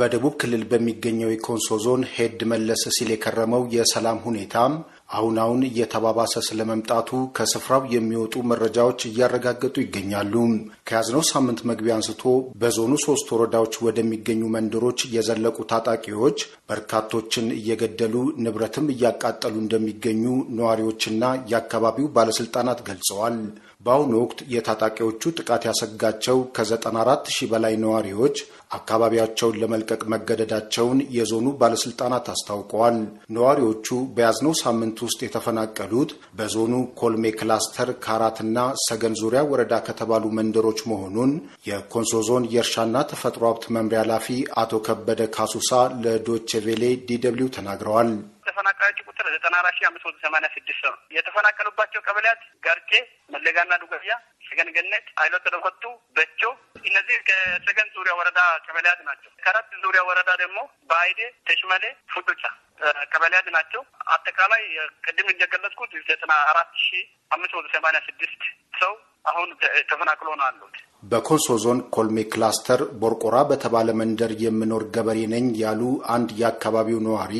በደቡብ ክልል በሚገኘው የኮንሶ ዞን ሄድ መለስ ሲል የከረመው የሰላም ሁኔታም አሁን አሁን እየተባባሰ ስለመምጣቱ ከስፍራው የሚወጡ መረጃዎች እያረጋገጡ ይገኛሉ። ከያዝነው ሳምንት መግቢያ አንስቶ በዞኑ ሶስት ወረዳዎች ወደሚገኙ መንደሮች የዘለቁ ታጣቂዎች በርካቶችን እየገደሉ ንብረትም እያቃጠሉ እንደሚገኙ ነዋሪዎችና የአካባቢው ባለስልጣናት ገልጸዋል። በአሁኑ ወቅት የታጣቂዎቹ ጥቃት ያሰጋቸው ከ94 ሺህ በላይ ነዋሪዎች አካባቢያቸውን ለመልቀቅ መገደዳቸውን የዞኑ ባለስልጣናት አስታውቀዋል። ነዋሪዎቹ በያዝነው ሳምንት ውስጥ የተፈናቀሉት በዞኑ ኮልሜ ክላስተር ካራትና ሰገን ዙሪያ ወረዳ ከተባሉ መንደሮች መሆኑን የኮንሶ ዞን የእርሻና ተፈጥሮ ሀብት መምሪያ ኃላፊ አቶ ከበደ ካሱሳ ለዶቼቬሌ ዲደብሊው ተናግረዋል። ተፈናቃዮች ቁጥር ዘጠና አራት ሺ አምስት መቶ ሰማኒያ ስድስት ነው። የተፈናቀሉባቸው ቀበሌያት ጋርጬ፣ መለጋና ዱጋያ ሰገን ገነት፣ አይሎ ተደኮቱ፣ በቾ እነዚህ ከሰገን ዙሪያ ወረዳ ቀበሌያት ናቸው። ከአራት ዙሪያ ወረዳ ደግሞ በአይዴ፣ ተሽመሌ፣ ፉጡጫ ቀበሌያት ናቸው። አጠቃላይ ቅድም እንደገለጽኩት ዘጠና አራት ሺ አምስት መቶ ሰማኒያ ስድስት ሰው አሁን ተፈናቅሎ ነው አሉት። በኮንሶ ዞን ኮልሜ ክላስተር ቦርቆራ በተባለ መንደር የምኖር ገበሬ ነኝ ያሉ አንድ የአካባቢው ነዋሪ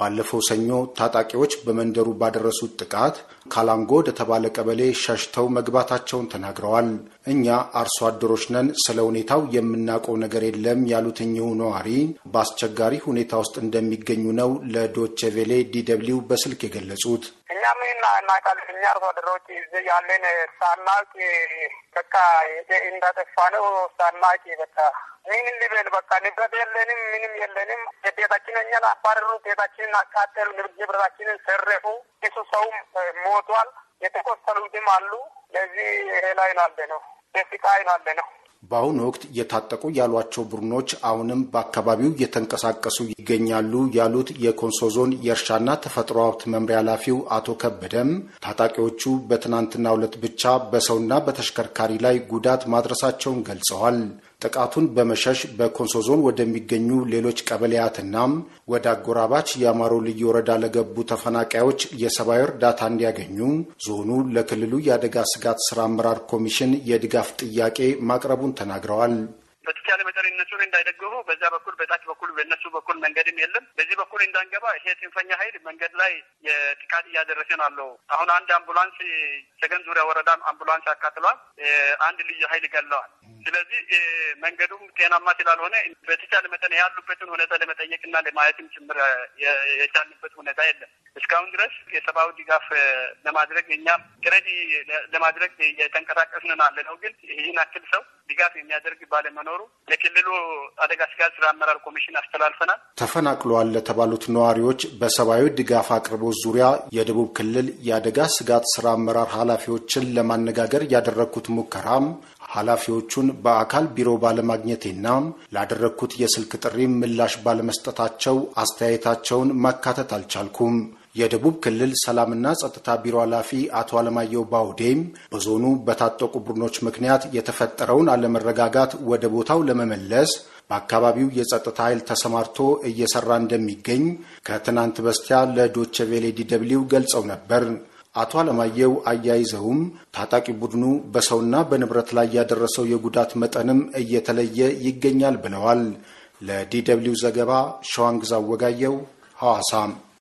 ባለፈው ሰኞ ታጣቂዎች በመንደሩ ባደረሱት ጥቃት ካላንጎ ወደተባለ ቀበሌ ሸሽተው መግባታቸውን ተናግረዋል። እኛ አርሶ አደሮች ነን፣ ስለ ሁኔታው የምናውቀው ነገር የለም ያሉት እኚሁ ነዋሪ በአስቸጋሪ ሁኔታ ውስጥ እንደሚገኙ ነው ለዶቼቬሌ ዲደብሊው በስልክ የገለጹት። እኛ ምን እናውቃለን? እኛ አርሶ አደሮች ያለን ሳናውቅ በቃ እንዳጠፋ ነው ሳናቂ በቃ ምን ልበል በቃ ንብረት የለንም፣ ምንም የለንም። ቤታችንን እኛን አባረሩ፣ ቤታችንን አቃጠሉ፣ ንብረታችንን ሰረፉ። እሱ ሰውም ሞቷል፣ የተቆሰሉትም አሉ። ለዚህ ይሄ ላይ ነው ናለ ነው ደስቃይ ናለ ነው በአሁኑ ወቅት እየታጠቁ ያሏቸው ቡድኖች አሁንም በአካባቢው እየተንቀሳቀሱ ይገኛሉ ያሉት የኮንሶ ዞን የእርሻና ተፈጥሮ ሀብት መምሪያ ኃላፊው አቶ ከበደም ታጣቂዎቹ በትናንትናው ዕለት ብቻ በሰውና በተሽከርካሪ ላይ ጉዳት ማድረሳቸውን ገልጸዋል። ጥቃቱን በመሸሽ በኮንሶ ዞን ወደሚገኙ ሌሎች ቀበሌያትናም ወደ አጎራባች የአማሮ ልዩ ወረዳ ለገቡ ተፈናቃዮች የሰብአዊ እርዳታ እንዲያገኙ ዞኑ ለክልሉ የአደጋ ስጋት ስራ አመራር ኮሚሽን የድጋፍ ጥያቄ ማቅረቡን መሆኑን ተናግረዋል። በተቻለ መጠን እነሱን እንዳይደግፉ በዛ በኩል በታች በኩል በእነሱ በኩል መንገድም የለም። በዚህ በኩል እንዳንገባ ይሄ ጽንፈኛ ኃይል መንገድ ላይ የጥቃት እያደረሰ ነው አለው። አሁን አንድ አምቡላንስ ሰገን ዙሪያ ወረዳም አምቡላንስ አካትሏል። አንድ ልዩ ኃይል ገለዋል። ስለዚህ መንገዱም ጤናማ ስላልሆነ በተቻለ መጠን ያሉበትን ሁኔታ ለመጠየቅና ለማየትም ጭምር የቻልንበት ሁኔታ የለም። እስካሁን ድረስ የሰብአዊ ድጋፍ ለማድረግ እኛም ጥረት ለማድረግ እየተንቀሳቀስን አለ ነው። ግን ይህን አክል ሰው ድጋፍ የሚያደርግ ባለመኖሩ ለክልሉ አደጋ ስጋት ስራ አመራር ኮሚሽን አስተላልፈናል። ተፈናቅለዋል ለተባሉት ነዋሪዎች በሰብአዊ ድጋፍ አቅርቦት ዙሪያ የደቡብ ክልል የአደጋ ስጋት ስራ አመራር ኃላፊዎችን ለማነጋገር ያደረግኩት ሙከራም ኃላፊዎቹን በአካል ቢሮ ባለማግኘቴና ላደረግኩት የስልክ ጥሪ ምላሽ ባለመስጠታቸው አስተያየታቸውን ማካተት አልቻልኩም። የደቡብ ክልል ሰላምና ጸጥታ ቢሮ ኃላፊ አቶ አለማየሁ ባውዴም በዞኑ በታጠቁ ቡድኖች ምክንያት የተፈጠረውን አለመረጋጋት ወደ ቦታው ለመመለስ በአካባቢው የጸጥታ ኃይል ተሰማርቶ እየሰራ እንደሚገኝ ከትናንት በስቲያ ለዶቼ ቬሌ ዲደብሊው ገልጸው ነበር። አቶ አለማየሁ አያይዘውም ታጣቂ ቡድኑ በሰውና በንብረት ላይ ያደረሰው የጉዳት መጠንም እየተለየ ይገኛል ብለዋል። ለዲደብሊው ዘገባ ሸዋንግዛ ወጋየው ሐዋሳም